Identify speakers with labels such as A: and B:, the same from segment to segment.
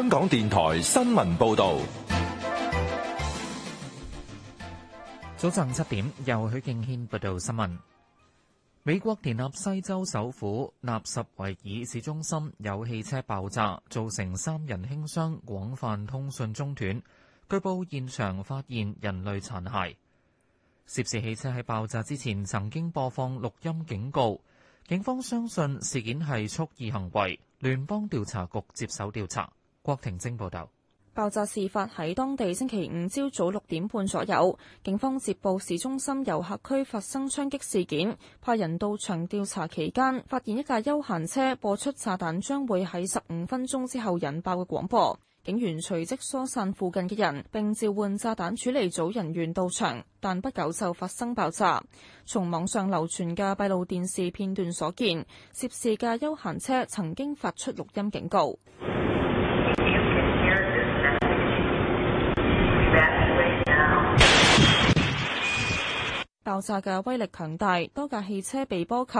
A: 香港電台新聞報道，早上七點由許敬軒報道新聞。美國田納西州首府納什維爾市中心有汽車爆炸，造成三人輕傷，廣泛通訊中斷。據報現場發現人類殘骸。涉事汽車喺爆炸之前曾經播放錄音警告，警方相信事件係蓄意行為，聯邦調查局接手調查。郭婷晶報道，
B: 爆炸事發喺當地星期五朝早六點半左右。警方接報市中心遊客區發生槍擊事件，派人到場調查期間，發現一架休閒車播出炸彈將會喺十五分鐘之後引爆嘅廣播。警員隨即疏散附近嘅人，並召喚炸彈處理組人員到場，但不久就發生爆炸。從網上流傳嘅閉路電視片段所見，涉事嘅休閒車曾經發出錄音警告。爆炸嘅威力強大，多架汽車被波及，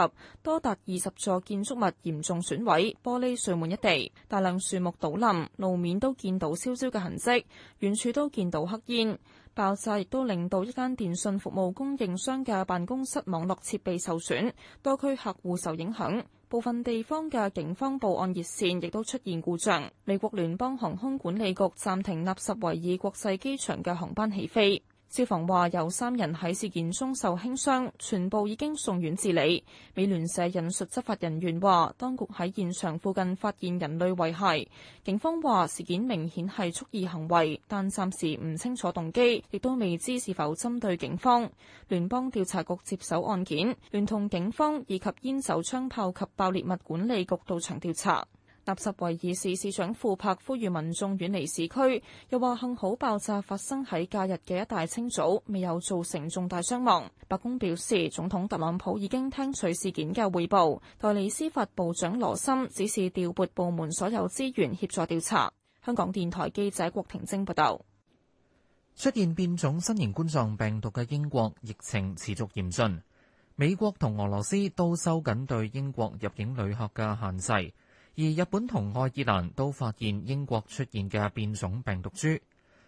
B: 多達二十座建築物嚴重損毀，玻璃碎滿一地，大量樹木倒冧，路面都見到燒焦嘅痕跡，遠處都見到黑煙。爆炸亦都令到一間電信服務供應商嘅辦公室網絡設備受損，多區客戶受影響，部分地方嘅警方報案熱線亦都出現故障。美國聯邦航空管理局暫停納什維爾國際機場嘅航班起飛。消防話有三人喺事件中受輕傷，全部已經送院治理。美聯社引述執法人員話，當局喺現場附近發現人類遺骸。警方話事件明顯係蓄意行為，但暫時唔清楚動機，亦都未知是否針對警方。聯邦調查局接手案件，聯同警方以及煙酒槍炮及爆裂物管理局到場調查。納什維爾市市長庫珀呼籲民眾遠離市區，又話幸好爆炸發生喺假日嘅一大清早，未有造成重大傷亡。白宮表示，總統特朗普已經聽取事件嘅匯報，代理司法部長羅森指示調撥部門所有資源協助調查。香港電台記者郭婷晶報
A: 道。出現變種新型冠狀病毒嘅英國疫情持續嚴峻，美國同俄羅斯都收緊對英國入境旅客嘅限制。而日本同愛爾蘭都發現英國出現嘅變種病毒株。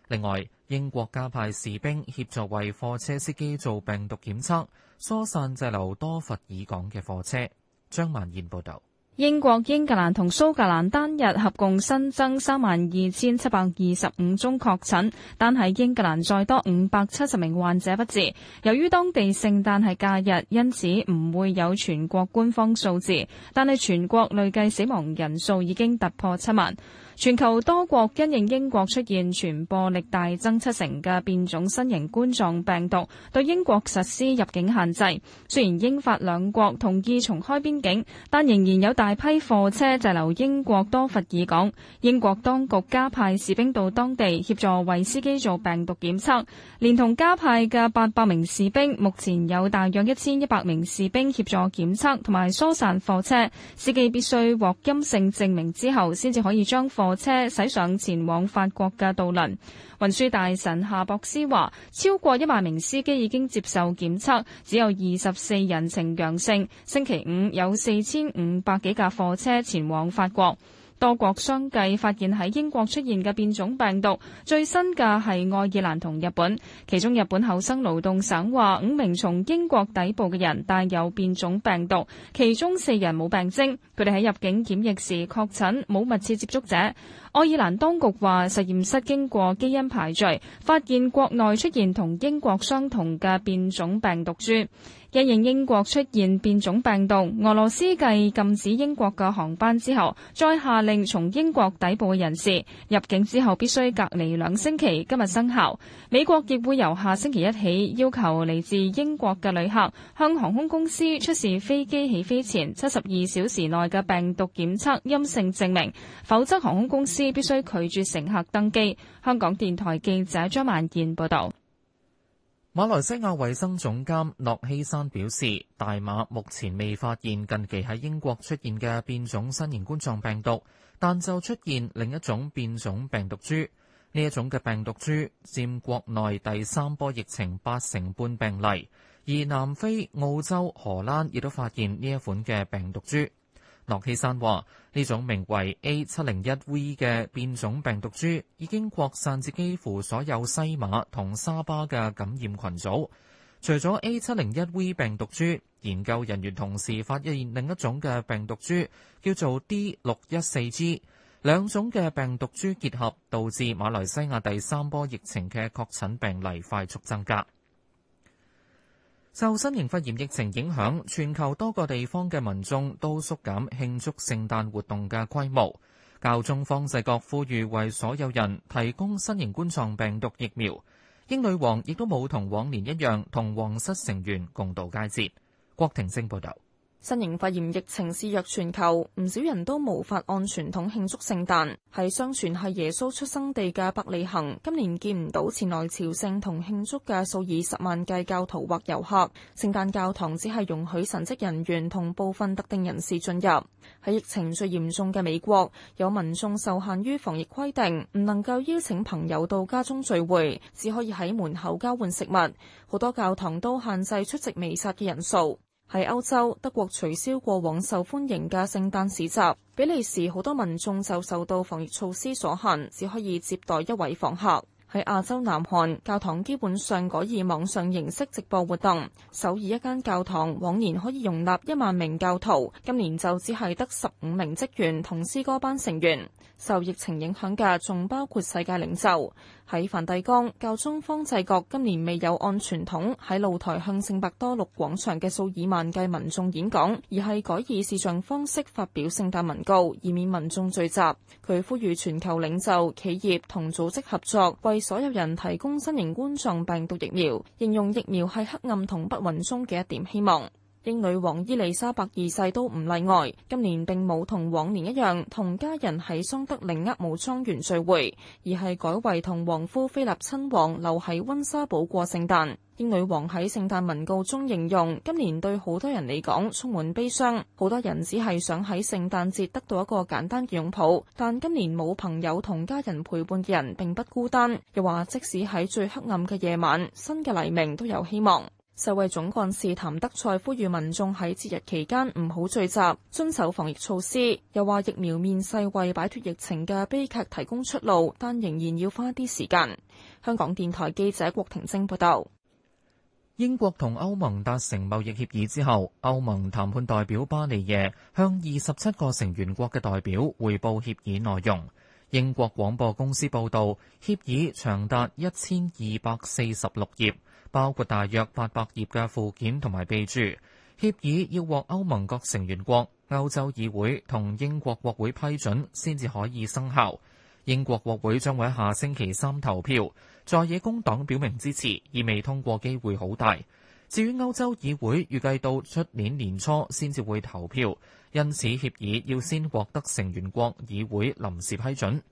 A: 另外，英國加派士兵協助為貨車司機做病毒檢測，疏散滯留多佛爾港嘅貨車。張萬燕報道。
C: 英國英格蘭同蘇格蘭單日合共新增三萬二千七百二十五宗確診，但係英格蘭再多五百七十名患者不治。由於當地聖誕係假日，因此唔會有全國官方數字。但係全國累計死亡人數已經突破七萬。全球多國因應英國出現傳播力大增七成嘅變種新型冠狀病毒，對英國實施入境限制。雖然英法兩國同意重開邊境，但仍然有大批貨車滯留英國多佛爾港。英國當局加派士兵到當地協助為司機做病毒檢測，連同加派嘅八百名士兵，目前有大約一千一百名士兵協助檢測同埋疏散貨車，司機必須獲陰性證明之後先至可以將貨車駛上前往法國嘅渡輪，運輸大臣夏博斯話，超過一萬名司機已經接受檢測，只有二十四人呈陽性。星期五有四千五百幾架貨車前往法國。多國相繼發現喺英國出現嘅變種病毒，最新嘅係愛爾蘭同日本。其中日本厚生勞動省話五名從英國抵埗嘅人帶有變種病毒，其中四人冇病徵，佢哋喺入境檢疫時確診，冇密切接觸者。愛爾蘭當局話，實驗室經過基因排序，發現國內出現同英國相同嘅變種病毒株。因應英國出現變種病毒，俄羅斯繼禁止英國嘅航班之後，再下令從英國抵埗嘅人士入境之後必須隔離兩星期，今日生效。美國亦會由下星期一起要求嚟自英國嘅旅客向航空公司出示飛機起飛前七十二小時內嘅病毒檢測陰性證明，否則航空公司。必須拒絕乘客登機。香港電台記者張曼燕報道。
A: 馬來西亞衛生總監諾希山表示，大馬目前未發現近期喺英國出現嘅變種新型冠狀病毒，但就出現另一種變種病毒株。呢一種嘅病毒株佔國內第三波疫情八成半病例，而南非、澳洲、荷蘭亦都發現呢一款嘅病毒株。諾希山話：呢種名為 A 七零一 V 嘅變種病毒株已經擴散至幾乎所有西馬同沙巴嘅感染群組。除咗 A 七零一 V 病毒株，研究人員同時發現另一種嘅病毒株叫做 D 六一四 G。兩種嘅病毒株結合，導致馬來西亞第三波疫情嘅確診病例快速增加。受新型肺炎疫情影響，全球多個地方嘅民眾都縮減慶祝聖誕活動嘅規模。教宗方濟各呼籲為所有人提供新型冠狀病毒疫苗。英女王亦都冇同往年一樣同皇室成員共度佳節。郭婷靜報道。
B: 新型肺炎疫情肆虐全球，唔少人都無法按傳統慶祝聖誕，喺相傳係耶穌出生地嘅伯利恆，今年見唔到前來朝聖同慶祝嘅數以十萬計教徒或遊客。聖誕教堂只係容許神職人員同部分特定人士進入。喺疫情最嚴重嘅美國，有民眾受限於防疫規定，唔能夠邀請朋友到家中聚會，只可以喺門口交換食物。好多教堂都限制出席彌撒嘅人數。喺歐洲，德國取消過往受歡迎嘅聖誕市集，比利時好多民眾就受到防疫措施所限，只可以接待一位訪客。喺亞洲南韓，教堂基本上改以網上形式直播活動。首爾一間教堂往年可以容納一萬名教徒，今年就只係得十五名職員同詩歌班成員。受疫情影響嘅仲包括世界領袖。喺梵蒂岡，教宗方濟各今年未有按傳統喺露台向聖伯多祿廣場嘅數以萬計民眾演講，而係改以視像方式發表聖誕文告，以免民眾聚集。佢呼籲全球領袖、企業同組織合作，為所有人提供新型冠狀病毒疫苗，形容疫苗係黑暗同不穩中嘅一點希望。英女王伊麗莎白二世都唔例外，今年並冇同往年一樣同家人喺桑德靈厄姆莊園聚會，而係改為同王夫菲立親王留喺溫莎堡過聖誕。英女王喺聖誕文告中形容，今年對好多人嚟講充滿悲傷。好多人只係想喺聖誕節得到一個簡單嘅擁抱，但今年冇朋友同家人陪伴嘅人並不孤單。又話即使喺最黑暗嘅夜晚，新嘅黎明都有希望。世衛總幹事譚德賽呼籲民眾喺節日期間唔好聚集，遵守防疫措施。又話疫苗面世為擺脫疫情嘅悲劇提供出路，但仍然要花啲時間。香港電台記者郭婷晶報道。
A: 英國同歐盟達成貿易協議之後，歐盟談判代表巴尼耶向二十七個成員國嘅代表匯報協議內容。英國廣播公司報道，協議長達一千二百四十六頁，包括大約八百頁嘅附件同埋備注。協議要獲歐盟各成員國、歐洲議會同英國國會批准，先至可以生效。英國國會將會喺下星期三投票。在野工黨表明支持，意味通過機會好大。至於歐洲議會預計到出年年初先至會投票，因此協議要先獲得成員國議會臨時批准。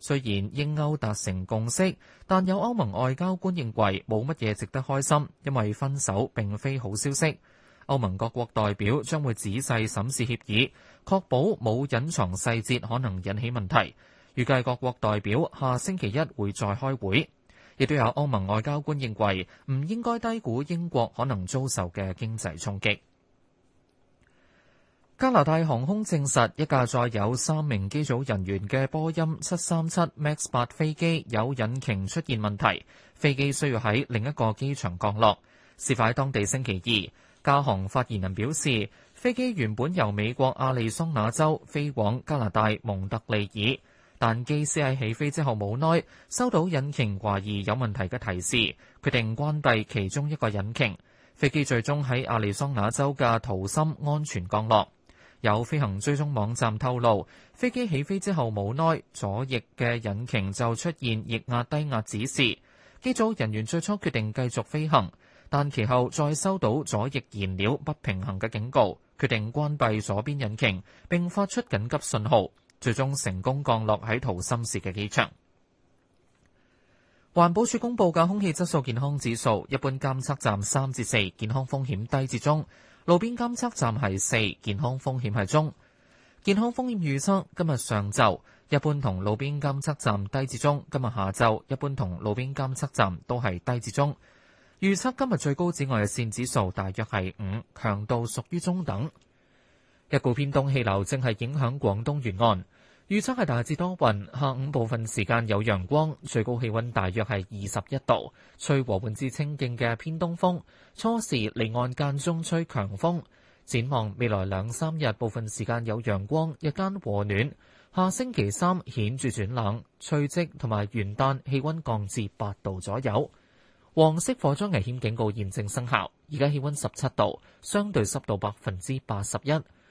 A: 雖然英歐達成共識，但有歐盟外交官認為冇乜嘢值得開心，因為分手並非好消息。歐盟各國代表將會仔細審視協議，確保冇隱藏細節可能引起問題，預計各國代表下星期一會再開會。亦都有歐盟外交官認為，唔應該低估英國可能遭受嘅經濟衝擊。加拿大航空證實一架載有三名機組人員嘅波音七三七 Max 八飛機有引擎出現問題，飛機需要喺另一個機場降落。事發當地星期二，加航發言人表示，飛機原本由美國亞利桑那州飛往加拿大蒙特利爾。但機師喺起飛之後冇耐收到引擎懷疑有問題嘅提示，決定關閉其中一個引擎。飛機最終喺亞利桑那州嘅圖森安全降落。有飛行追蹤網站透露，飛機起飛之後冇耐左翼嘅引擎就出現液壓低壓指示，機組人員最初決定繼續飛行，但其後再收到左翼燃料不平衡嘅警告，決定關閉左邊引擎並發出緊急信號。最終成功降落喺桃心市嘅機場。環保署公布嘅空氣質素健康指數，一般監測站三至四，健康風險低至中；路邊監測站係四，健康風險係中。健康風險預測今日上晝一般同路邊監測站低至中，今日下晝一般同路邊監測站都係低至中。預測今日最高紫外線指數大約係五，強度屬於中等。一股偏東氣流正係影響廣東沿岸，預測係大致多雲，下午部分時間有陽光，最高氣溫大約係二十一度，吹和緩至清勁嘅偏東風，初時離岸間中吹強風。展望未來兩三日部分時間有陽光，日間和暖。下星期三顯著轉冷，除夕同埋元旦氣溫降至八度左右。黃色火災危險警告現正生效，而家氣溫十七度，相對濕度百分之八十一。